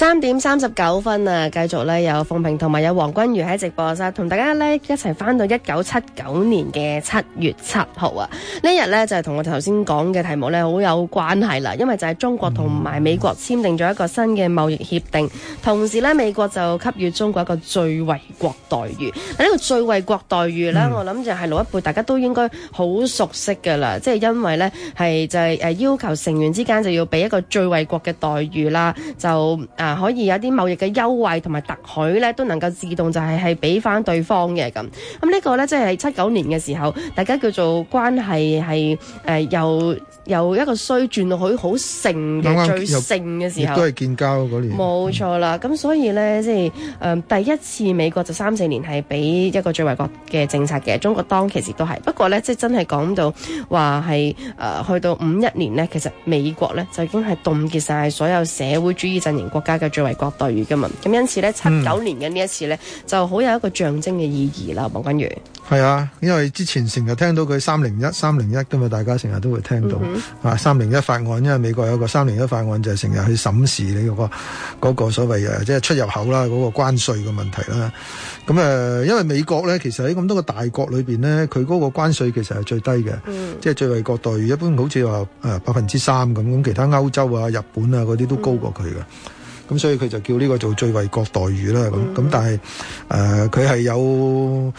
三點三十九分啊！繼續咧，有鳳萍同埋有黃君如喺直播室同大家咧一齊翻到1979 7 7一九七九年嘅七月七號啊！呢日咧就係同我頭先講嘅題目咧好有關係啦，因為就係中國同埋美國簽訂咗一個新嘅貿易協定，同時咧美國就給予中國一個最惠國待遇。呢個最惠國待遇咧、嗯，我諗就係老一輩大家都應該好熟悉噶啦，即係因為咧係就係、是、誒要求成員之間就要俾一個最惠國嘅待遇啦，就、呃可以有啲貿易嘅優惠同埋特許咧，都能夠自動就係係俾翻對方嘅咁。咁、嗯這個、呢個咧即係七九年嘅時候，大家叫做關係係誒又又一個衰轉到去好盛嘅最盛嘅時候，嗯、都係建交嗰年，冇錯啦。咁、嗯嗯、所以咧即係誒第一次美國就三四年係俾一個最惠國嘅政策嘅，中國當其時都係。不過咧即係真係講到話係誒去到五一年咧，其實美國咧就已經係凍結晒所有社會主義陣營國家嘅最惠國待遇噶嘛，咁因此咧，七九年嘅呢一次咧、嗯，就好有一個象徵嘅意義啦。王君如係啊，因為之前成日聽到佢三零一三零一噶嘛，大家成日都會聽到、嗯、啊。三零一法案，因為美國有個三零一法案，就係成日去審視你嗰、嗰個、嗰個所謂誒，即係出入口啦，嗰個關稅嘅問題啦。咁、呃、因為美國咧，其實喺咁多個大國裏面咧，佢嗰個關稅其實係最低嘅、嗯，即係最惠國待遇。一般好似話百分之三咁，咁、呃、其他歐洲啊、日本啊嗰啲都高過佢嘅。嗯咁所以佢就叫呢個做最惠國待遇啦，咁咁但係誒佢係有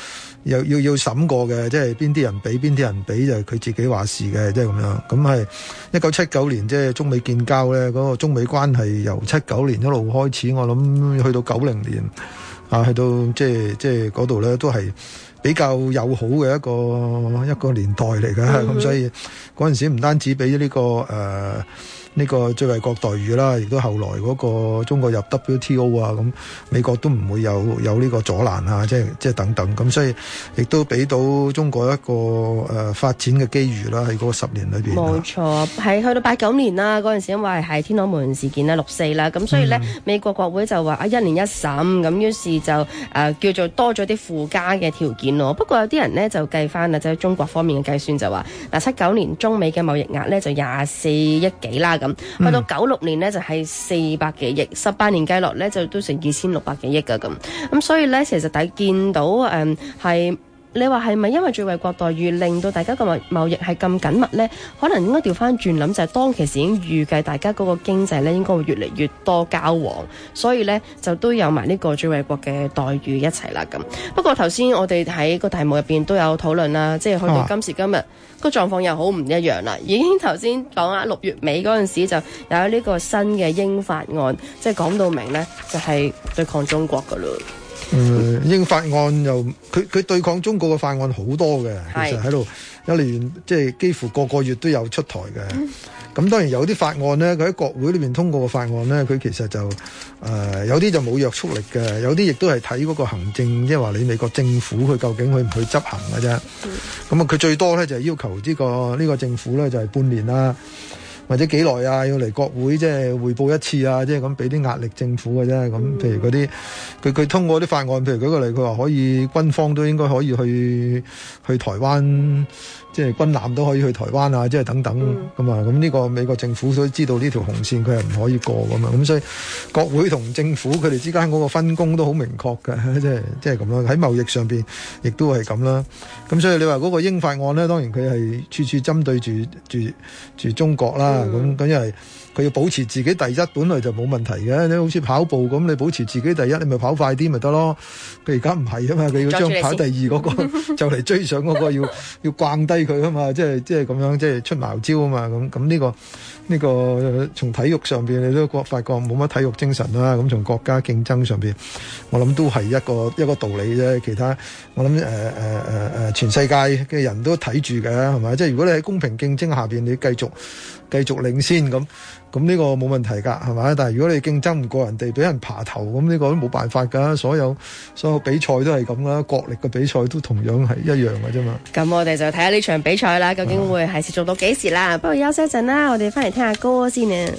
有要要審過嘅，即係邊啲人俾邊啲人俾就係佢自己話事嘅，即係咁樣。咁係一九七九年即係中美建交咧，嗰個中美關係由七九年一路開始，我諗去到九零年啊，去到即係即係嗰度咧都係比較友好嘅一個一個年代嚟嘅。咁所以嗰陣時唔單止俾呢個誒。呢、這個最惠國待遇啦，亦都後來嗰個中國入 WTO 啊，咁美國都唔會有有呢個阻攔啊，即係即係等等咁，所以亦都俾到中國一個誒、呃、發展嘅機遇啦，喺嗰十年裏面，冇錯，係去到八九年啦，嗰陣時因為係天安門事件啦、六四啦，咁所以呢、嗯，美國國會就話啊一年一審，咁於是就誒、呃、叫做多咗啲附加嘅條件咯。不過有啲人呢，就計翻啦就係、是、中國方面嘅計算就話嗱七九年中美嘅貿易額呢，就廿四億幾啦。去、嗯、到九六年呢，就係四百幾億，十八年計落呢，就都成二千六百幾億噶咁，咁、嗯、所以呢，其實大家見到誒係。嗯你話係咪因為最惠國待遇令到大家個貿易係咁緊密呢？可能應該調翻轉諗，就係當其時已經預計大家嗰個經濟咧，應該會越嚟越多交往，所以咧就都有埋呢個最惠國嘅待遇一齊啦咁。不過頭先我哋喺個題目入邊都有討論啦，即係去到今時今日，個狀況又好唔一樣啦。已經頭先講啦，六月尾嗰陣時就有呢個新嘅英法案，即係講到明呢，就係對抗中國噶喇。誒、 嗯，英法案又佢佢對抗中國嘅法案好多嘅，其實喺度，一年，即係幾乎個個月都有出台嘅。咁當然有啲法案呢，佢喺國會裏面通過嘅法案呢，佢其實就誒、呃、有啲就冇約束力嘅，有啲亦都係睇嗰個行政，即係話你美國政府佢究竟去唔去執行嘅啫。咁啊，佢最多呢，就係要求呢、呢個呢、呢個政府呢，就係半年啦。或者幾耐啊？要嚟國會即係匯報一次啊！即係咁俾啲壓力政府嘅啫。咁譬如嗰啲佢佢通過啲法案，譬如舉個例，佢話可以軍方都應該可以去去台灣，即係軍艦都可以去台灣啊！即係等等咁啊。咁、嗯、呢、呢個美國政府都知道呢條紅線佢係唔可以過噶嘛。咁、嗯、所以國會同政府佢哋之間嗰個分工都好明確嘅，即係即係咁樣喺貿易上邊亦都係咁啦。咁所以你話嗰個英法案咧，當然佢係處處針對住住住中國啦。咁、嗯、咁因為佢要保持自己第一，本來就冇問題嘅。你好似跑步咁，你保持自己第一，你咪跑快啲咪得咯。佢而家唔係啊嘛，佢要將跑第二嗰、那個 就嚟追上嗰個，就是就是就是這個，要要慣低佢啊嘛。即係即係咁樣，即係出茅招啊嘛。咁咁呢個呢個從體育上邊你都覺發覺冇乜體育精神啦、啊。咁從國家競爭上邊，我諗都係一個一個道理啫。其他我諗誒誒誒誒，全世界嘅人都睇住嘅係咪？即係、就是、如果你喺公平競爭下邊，你繼續繼。繼續領先咁，咁呢個冇問題噶，係咪？但係如果你競爭唔過人哋，俾人爬頭咁，呢個都冇辦法噶。所有所有比賽都係咁啦，國力嘅比賽都同樣係一樣噶啫嘛。咁我哋就睇下呢場比賽啦，究竟會係持續到幾時啦？啊、不過休息一陣啦，我哋翻嚟聽下歌先啦。